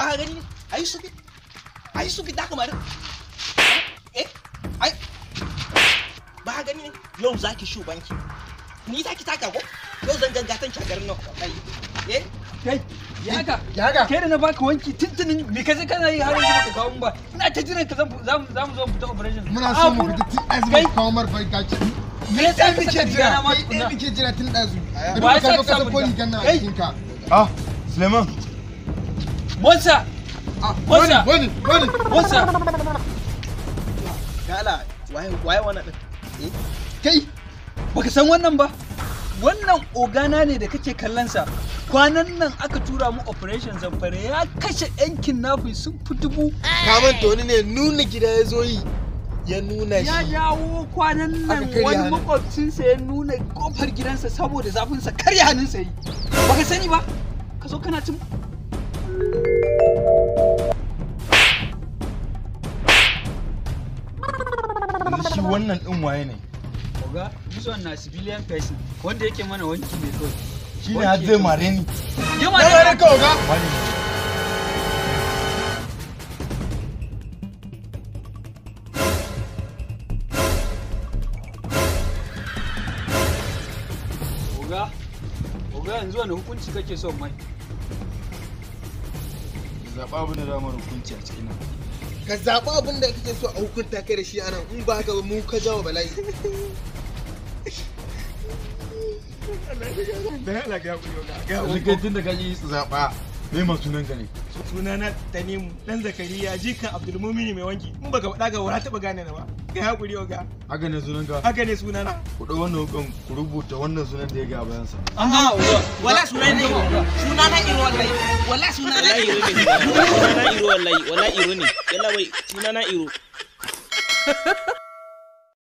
ba gani ne ai su bi da kamar eh ai ba shu banki ni zaki taka ko yau zan gangatan shagarin nan kai eh kai yaga yaga kai da na baka wanki tuntunin me kaje kana yi har yanzu baka kawo ba ina ta jiran ka zamu zamu zo operation muna so mu fita tun azumi kawo mar bai gaci me me yasa kake jira ko ni ganna a cikin ka ah Suleiman Monsa! Monsa! Ah, boni, boni, Monsa! Gala, waye waye wannan ɗin? Eh, kai, baka san wannan ba? Wannan ogana ne da kake sa. Kwanan nan aka tura mu operation zamfara ya kashe 'yan kidnapping sun fi dubu. Kaman to ne nuna gida ya zo yi. ya nuna shi ya jawo kwanan nan wani makwabcinsa ya nuna kofar gidansa saboda zafinsa karya hannunsa yi baka sani ba ka zo kana cin shi wannan ɗin waye ne oga this one na civilian person wanda yake mana wanki ne kawai shi ne har mareni. mare ni ya mare ka oga oga oga yanzu wani hukunci kake son mai zaɓa abin da zama hukunci a cikin nan ka zaɓa abin da kake so a hukunta kai da shi a nan in ba ka mu ka jawo bala'i da ya laga ku yau ga ga tun da kaji zaɓa mai masu nan ka ne sunana tanimu dan zakariya jika abdulmumini mai wanki in baka faɗa ga wala taɓa gane na ba kai hakuri oga haka ne sunan ka haka ne sunana ku ɗau wannan hukun ku rubuta wannan sunan da ya ga bayan sa an gama wala sunan ne sunana iro wallahi wala sunana iro ne sunana iro wallahi wala iro ne yalla wai sunana iro